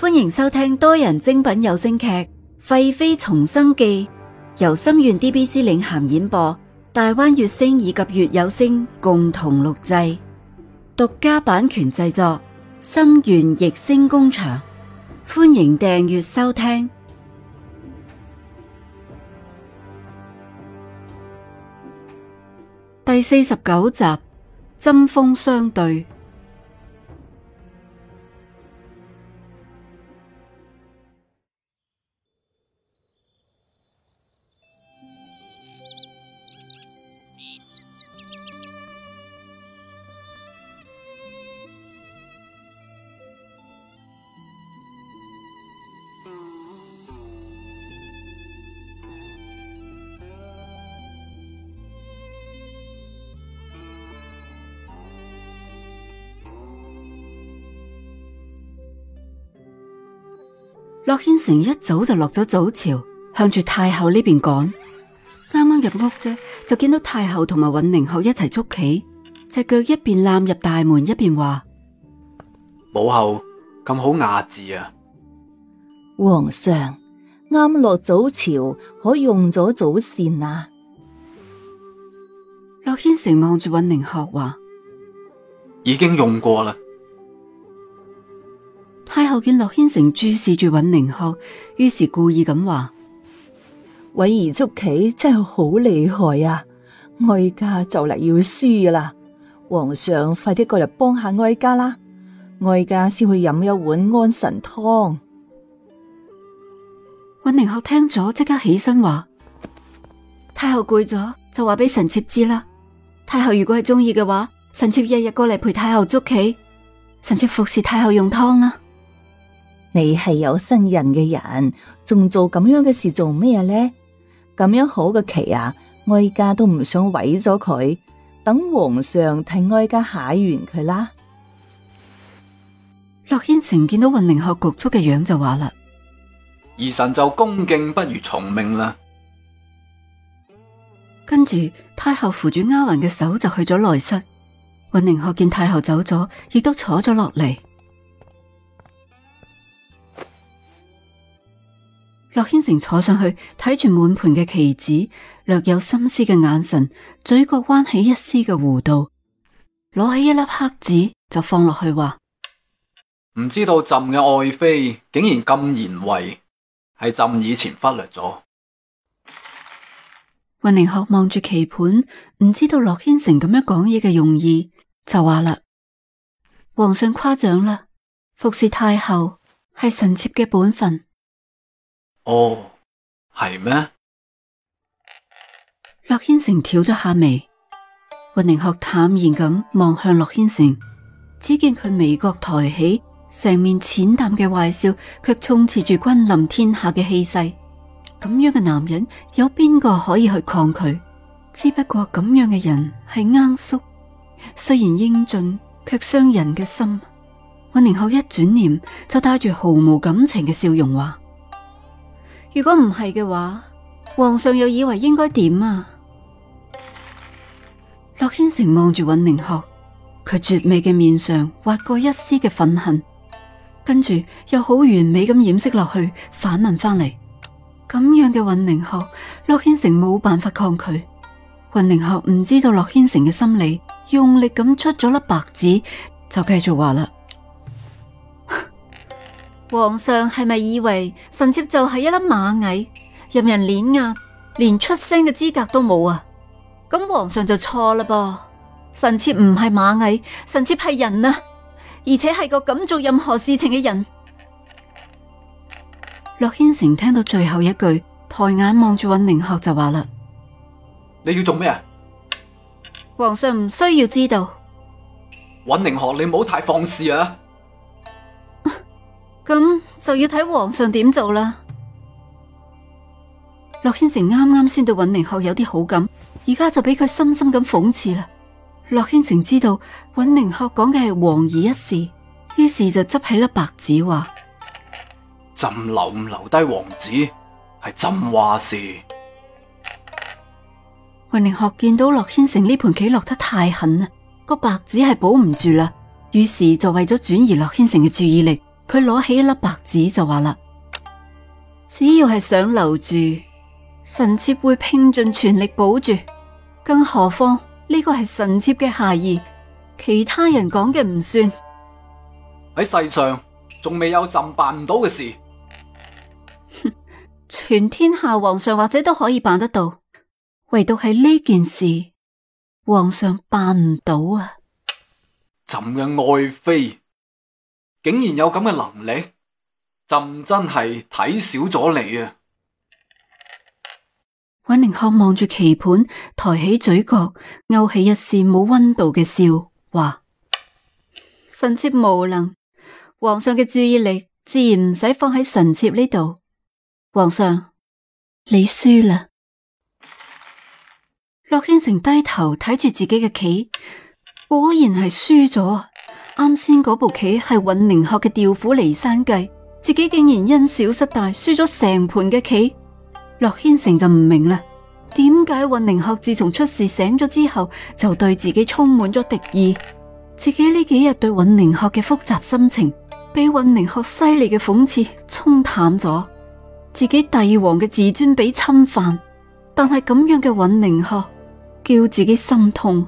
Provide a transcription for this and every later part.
歡迎收聽多人精品有聲劇《廢妃重生記》，由心願 DBC 領銜演播，大灣月聲以及月有聲共同錄製，獨家版權製作，心願逸聲工場。歡迎訂閱收聽第四十九集《針鋒相對》。駱軒成一早就落咗早朝，向住太后呢邊趕。啱啱入屋啫，就見到太后同埋允寧后一齊捉棋，隻腳一邊攬入大門，一邊話：母后咁好雅致啊！皇上啱落早朝，可用咗早膳啊！駱軒成望住允寧后話：已經用過啦。太後見洛軒成注視住尹寧鶴，於是故意咁話：尹兒捉棋真係好厲害啊！哀家就嚟要輸啦，皇上快啲過嚟幫下哀家啦！哀家先去飲一碗安神湯。尹寧鶴聽咗即刻起身話：太後攰咗，就話俾臣妾知啦。太後如果係中意嘅話，臣妾日日過嚟陪太後捉棋，臣妾服侍太後用湯啦。你係有身孕嘅人，仲做咁樣嘅事做咩呢？咁樣好嘅棋啊，哀家都唔想毀咗佢，等皇上替哀家下完佢啦。駱軒成見到雲玲鶴局促嘅樣就話啦，兒臣就恭敬不如從命啦。跟住太后扶住丫鬟嘅手就去咗內室。雲玲鶴見太后走咗，亦都坐咗落嚟。洛軒成坐上去睇住滿盤嘅棋子，略有心思嘅眼神，嘴角彎起一絲嘅弧度，攞起一粒黑子就放落去，話唔知道朕嘅愛妃竟然咁賢惠，係朕以前忽略咗。雲寧學望住棋盤，唔知道洛軒成咁樣講嘢嘅用意，就話啦：皇上誇獎啦，服侍太后係臣妾嘅本分。哦，係咩？oh？洛軒城挑咗下眉，尹寧鶴坦然咁望向洛軒城，只見佢眉角抬起，成面淺淡嘅壞笑，卻充斥住君臨天下嘅氣勢。咁樣嘅男人，有邊個可以去抗拒？只不過咁樣嘅人係罌粟，雖然英俊，卻傷人嘅心。尹寧鶴一轉念，就帶住毫無感情嘅笑容話。如果唔係嘅話，皇上又以為應該點啊？洛軒成望住尹寧鶴，佢絕美嘅面上劃過一絲嘅憤恨，跟住又好完美咁掩飾落去，反問翻嚟。咁樣嘅尹寧鶴，洛軒成冇辦法抗拒。尹寧鶴唔知道洛軒成嘅心理，用力咁出咗粒白子，就繼續話啦。皇上係咪以為臣妾就係一粒螞蟻，任人碾壓，連出聲嘅資格都冇啊？咁皇上就錯啦噃！臣妾唔係螞蟻，臣妾係人啊，而且係個敢做任何事情嘅人。洛軒成聽到最後一句，抬眼望住尹寧鶴就話啦：你要做咩？啊？皇上唔需要知道。尹寧鶴，你唔好太放肆啊！咁就要睇皇上點做啦。洛軒城啱啱先對尹寧鶴有啲好感，而家就俾佢深深咁諷刺啦。洛軒城知道尹寧鶴講嘅係皇兒一事，於是就執起粒白子話：朕留唔留低皇子係朕話事。尹寧鶴見到洛軒城呢盤棋落得太狠啦，個白子係保唔住啦，於是就為咗轉移洛軒城嘅注意力。佢攞起一粒白紙就話啦，只要係想留住臣妾，會拼盡全力保住。更何況呢個係臣妾嘅下意，其他人講嘅唔算。喺世上仲未有朕辦唔到嘅事。哼， 全天下皇上或者都可以辦得到，唯獨係呢件事，皇上辦唔到啊！朕嘅愛妃。竟然有咁嘅能力，朕真係睇少咗你啊！允寧渴望住棋盤，抬起嘴角勾起一線冇温度嘅笑，話：臣妾無能，皇上嘅注意力自然唔使放喺臣妾呢度。皇上，你輸啦！駱慶成低頭睇住自己嘅棋，果然係輸咗。啱先嗰部棋係尹寧學嘅調虎離山計，自己竟然因小失大，輸咗成盤嘅棋。洛軒成就唔明啦，點解尹寧學自從出事醒咗之後，就對自己充滿咗敵意？自己呢幾日對尹寧學嘅複雜心情，俾尹寧學犀利嘅諷刺衝淡咗，自己帝王嘅自尊被侵犯，但係咁樣嘅尹寧學，叫自己心痛。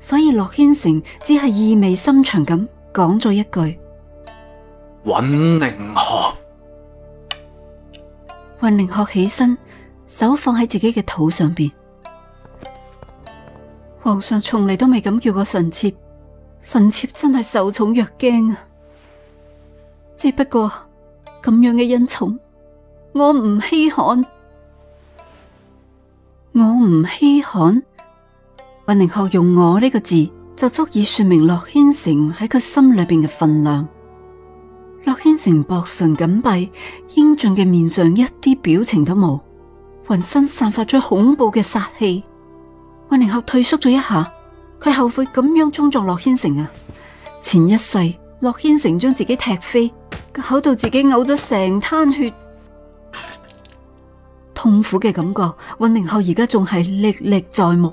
所以，洛軒城只係意味深長咁講咗一句：尹寧學，尹寧學起身，手放喺自己嘅肚上邊。皇上從嚟都未咁叫過臣妾，臣妾真係受寵若驚啊！只不過咁樣嘅恩寵，我唔稀罕，我唔稀罕。溫寧學用我呢個字，就足以說明洛軒成喺佢心裏邊嘅分量。洛軒成薄唇緊閉，英俊嘅面上一啲表情都冇，渾身散發出恐怖嘅殺氣。溫寧學退縮咗一下，佢後悔咁樣衝撞洛軒成啊！前一世，洛軒成將自己踢飛，搞到自己嘔咗成灘血，痛苦嘅感覺，溫寧學而家仲係歷歷在目。